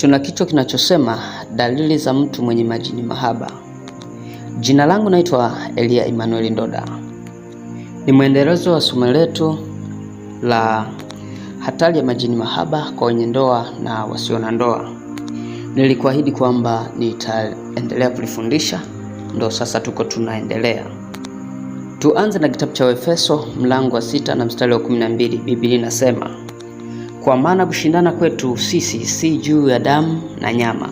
Tuna kichwa kinachosema dalili za mtu mwenye majini mahaba. Jina langu naitwa Elia Emmanuel Ndoda, ni mwendelezo wa somo letu la hatari ya majini mahaba kwa wenye ndoa na wasio na ndoa. Nilikuahidi kwamba nitaendelea kulifundisha, ndo sasa tuko tunaendelea. Tuanze na kitabu cha Waefeso mlango wa sita na mstari wa 12. Biblia inasema kwa maana kushindana kwetu sisi si juu ya damu na nyama,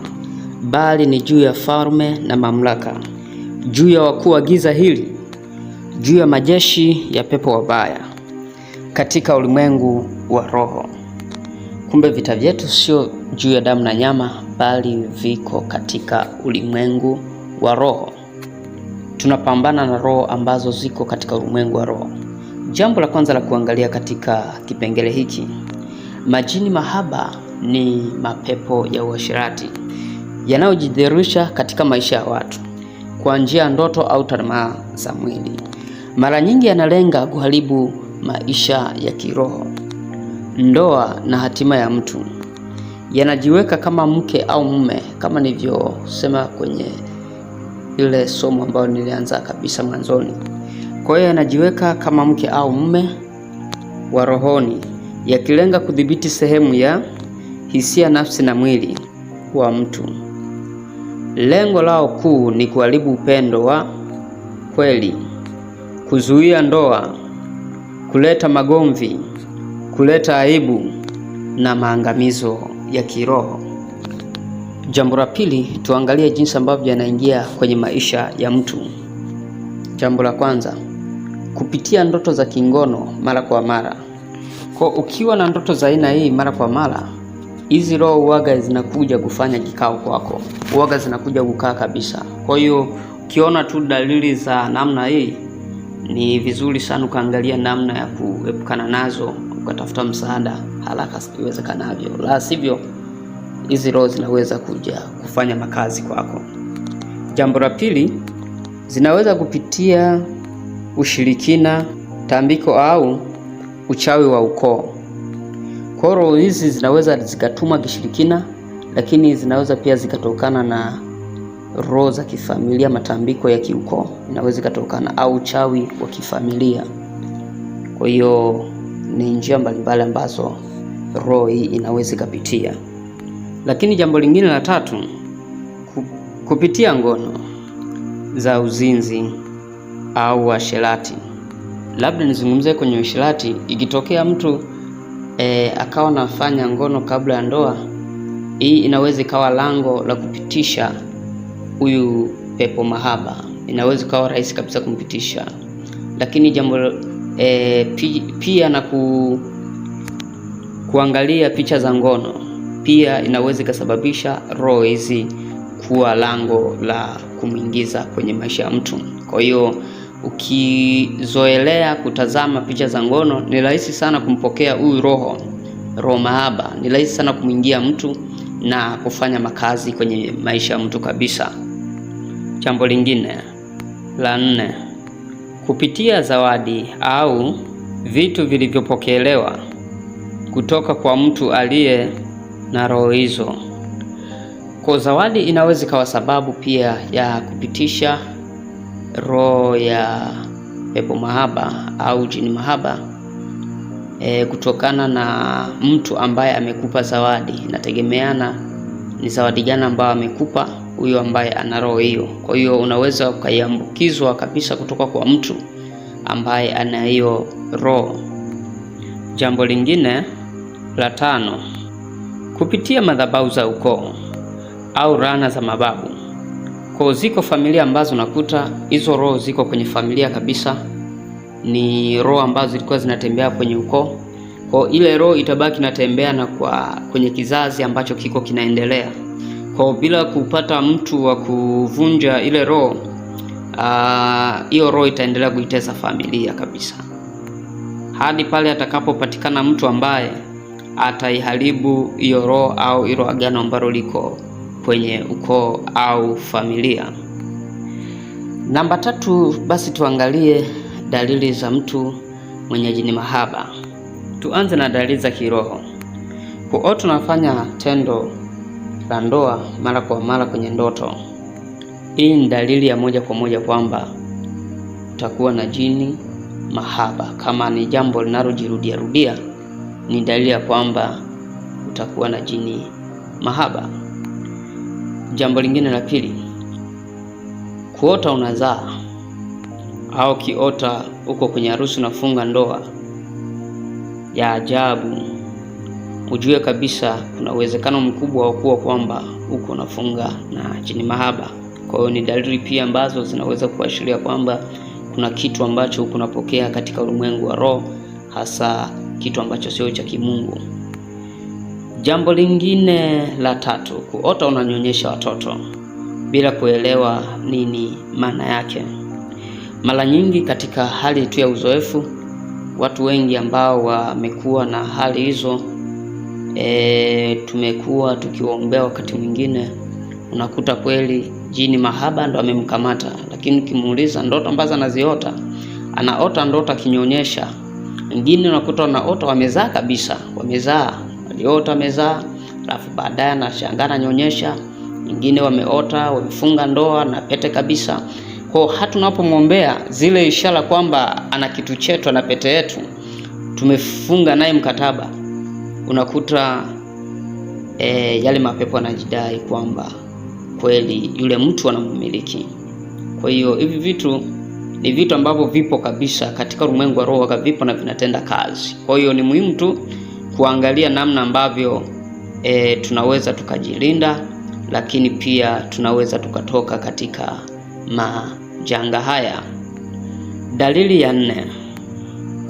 bali ni juu ya falme na mamlaka, juu ya wakuu wa giza hili, juu ya majeshi ya pepo wabaya katika ulimwengu wa roho. Kumbe vita vyetu sio juu ya damu na nyama, bali viko katika ulimwengu wa roho. Tunapambana na roho ambazo ziko katika ulimwengu wa roho. Jambo la kwanza la kuangalia katika kipengele hiki Majini mahaba ni mapepo ya uasherati yanayojidhihirisha katika maisha ya watu kwa njia ya ndoto au tamaa za mwili. Mara nyingi yanalenga kuharibu maisha ya kiroho, ndoa na hatima ya mtu. Yanajiweka kama mke au mume, kama nilivyosema kwenye ile somo ambayo nilianza kabisa mwanzoni. Kwa hiyo yanajiweka kama mke au mume wa rohoni yakilenga kudhibiti sehemu ya hisia, nafsi na mwili wa mtu. Lengo lao kuu ni kuharibu upendo wa kweli, kuzuia ndoa, kuleta magomvi, kuleta aibu na maangamizo ya kiroho. Jambo la pili, tuangalie jinsi ambavyo yanaingia kwenye maisha ya mtu. Jambo la kwanza, kupitia ndoto za kingono mara kwa mara. Kwa ukiwa na ndoto za aina hii mara kwa mara, hizi roho uwaga zinakuja kufanya kikao kwako, uwaga zinakuja kukaa kabisa. Kwa hiyo ukiona tu dalili za namna hii, ni vizuri sana ukaangalia namna ya kuepukana nazo, ukatafuta msaada haraka iwezekanavyo, la sivyo hizi roho zinaweza kuja kufanya makazi kwako. Jambo la pili, zinaweza kupitia ushirikina, tambiko au uchawi wa ukoo. Kwa roho hizi zinaweza zikatuma kishirikina, lakini zinaweza pia zikatokana na roho za kifamilia, matambiko ya kiukoo inaweza ikatokana, au uchawi wa kifamilia. Kwa hiyo ni njia mbalimbali ambazo roho hii inaweza ikapitia. Lakini jambo lingine la tatu, kupitia ngono za uzinzi au asherati labda nizungumzie kwenye ushirati, ikitokea mtu e, akawa nafanya ngono kabla ya ndoa, hii inaweza ikawa lango la kupitisha huyu pepo mahaba, inaweza ikawa rahisi kabisa kumpitisha. Lakini jambo e, pia na ku, kuangalia picha za ngono pia inaweza ikasababisha roho hizi kuwa lango la kumwingiza kwenye maisha ya mtu, kwa hiyo ukizoelea kutazama picha za ngono, ni rahisi sana kumpokea huyu roho roho mahaba, ni rahisi sana kumwingia mtu na kufanya makazi kwenye maisha ya mtu kabisa. Jambo lingine la nne, kupitia zawadi au vitu vilivyopokelewa kutoka kwa mtu aliye na roho hizo. Kwa zawadi inaweza ikawa sababu pia ya kupitisha roho ya pepo mahaba au jini mahaba e, kutokana na mtu ambaye amekupa zawadi. Inategemeana ni zawadi gani ambayo amekupa huyo ambaye ana roho hiyo. Kwa hiyo unaweza ukaiambukizwa kabisa kutoka kwa mtu ambaye ana hiyo roho. Jambo lingine la tano, kupitia madhabau za ukoo au rana za mababu kwa ziko familia ambazo nakuta hizo roho ziko kwenye familia kabisa, ni roho ambazo zilikuwa zinatembea kwenye ukoo, kwa ile roho itabaki natembea na kwa kwenye kizazi ambacho kiko kinaendelea, kwa bila kupata mtu wa kuvunja ile roho, ah, hiyo roho itaendelea kuiteza familia kabisa hadi pale atakapopatikana mtu ambaye ataiharibu hiyo roho au hilo agano ambalo liko kwenye ukoo au familia. Namba tatu, basi tuangalie dalili za mtu mwenye jini mahaba. Tuanze na dalili za kiroho. Huwa tunafanya tendo la ndoa mara kwa mara kwenye ndoto. Hii ni dalili ya moja kwa moja kwamba utakuwa na jini mahaba. Kama ni jambo linalojirudia rudia, ni dalili ya kwamba utakuwa na jini mahaba. Jambo lingine la pili, kuota unazaa au kiota uko kwenye harusi unafunga ndoa ya ajabu, ujue kabisa kuna uwezekano mkubwa wa kuwa kwamba uko unafunga na jini mahaba. Kwa hiyo ni dalili pia ambazo zinaweza kuashiria kwamba kuna kitu ambacho uko unapokea katika ulimwengu wa roho, hasa kitu ambacho sio cha kimungu. Jambo lingine la tatu, kuota unanyonyesha watoto bila kuelewa nini maana yake. Mara nyingi katika hali tu ya uzoefu, watu wengi ambao wamekuwa na hali hizo e, tumekuwa tukiwaombea. Wakati mwingine unakuta kweli jini mahaba ndo amemkamata, lakini ukimuuliza ndoto ambazo anaziota, anaota ndoto akinyonyesha. Wengine unakuta wanaota wamezaa kabisa, wamezaa aliota amezaa, alafu baadaye anashangaa ananyonyesha. Wengine wameota wamefunga ndoa na pete kabisa. Kwa hata tunapomwombea zile ishara kwamba ana kitu chetu, ana pete yetu, tumefunga naye mkataba, unakuta e, yale mapepo anajidai kwamba kweli yule mtu anamumiliki. Kwa hiyo hivi vitu ni vitu ambavyo vipo kabisa katika ulimwengu wa roho, kavipo na vinatenda kazi. Kwa hiyo ni muhimu tu kuangalia namna ambavyo e, tunaweza tukajilinda, lakini pia tunaweza tukatoka katika majanga haya. Dalili ya nne,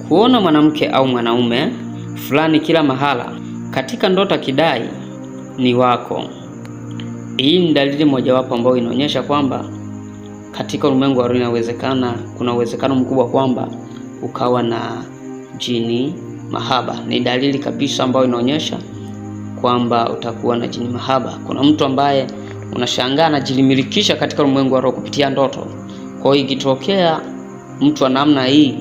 kuona mwanamke au mwanaume fulani kila mahala katika ndoto kidai ni wako. Hii ni dalili mojawapo ambayo inaonyesha kwamba katika ulimwengu wa roho inawezekana, kuna uwezekano mkubwa kwamba ukawa na jini mahaba. Ni dalili kabisa ambayo inaonyesha kwamba utakuwa na jini mahaba. Kuna mtu ambaye unashangaa anajilimilikisha katika ulimwengu wa roho kupitia ndoto. Kwa hiyo ikitokea mtu wa namna hii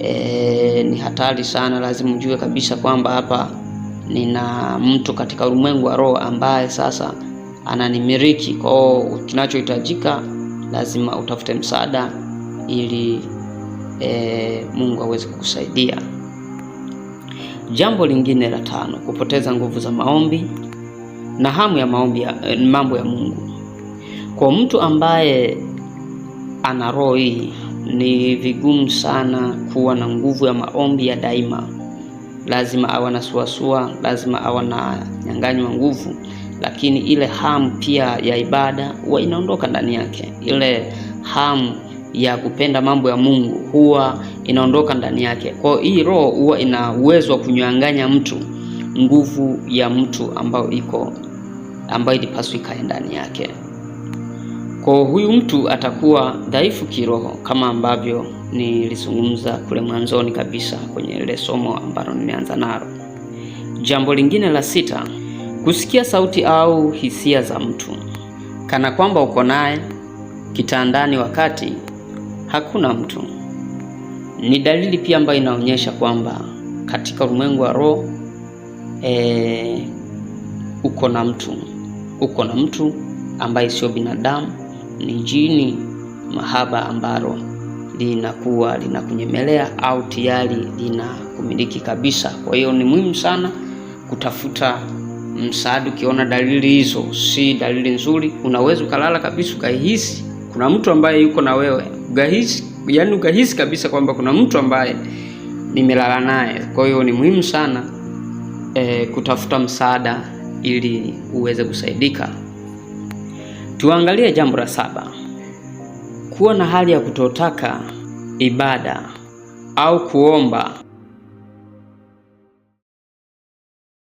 e, ni hatari sana. Lazima ujue kabisa kwamba hapa nina mtu katika ulimwengu wa roho ambaye sasa ananimiriki. Kwa hiyo kinachohitajika, lazima utafute msaada ili e, Mungu aweze kukusaidia. Jambo lingine la tano, kupoteza nguvu za maombi na hamu ya maombi ya eh, mambo ya Mungu. Kwa mtu ambaye ana roho hii, ni vigumu sana kuwa na nguvu ya maombi ya daima. Lazima awe na suasua, lazima awe na nguvu, lakini ile hamu pia ya ibada huwa inaondoka ndani yake, ile hamu ya kupenda mambo ya Mungu huwa inaondoka ndani yake. Kwa hiyo hii roho huwa ina uwezo wa kunyang'anya mtu nguvu ya mtu ambayo iko ambayo ilipaswa ikae ndani yake. Kwa huyu mtu atakuwa dhaifu kiroho, kama ambavyo nilizungumza kule mwanzoni kabisa kwenye ile somo ambalo nimeanza nalo. Jambo lingine la sita, kusikia sauti au hisia za mtu kana kwamba uko naye kitandani wakati hakuna mtu. Ni dalili pia ambayo inaonyesha kwamba katika ulimwengu wa roho e, uko na mtu, uko na mtu ambaye sio binadamu, ni jini mahaba ambalo linakuwa linakunyemelea au tayari linakumiliki kabisa. Kwa hiyo ni muhimu sana kutafuta msaada ukiona dalili hizo, si dalili nzuri. Unaweza ukalala kabisa ukaihisi kuna mtu ambaye yuko na wewe ukahisi, yani ukahisi kabisa kwamba kuna mtu ambaye nimelala naye. Kwa hiyo ni muhimu sana e, kutafuta msaada ili uweze kusaidika. Tuangalie jambo la saba, kuwa na hali ya kutotaka ibada au kuomba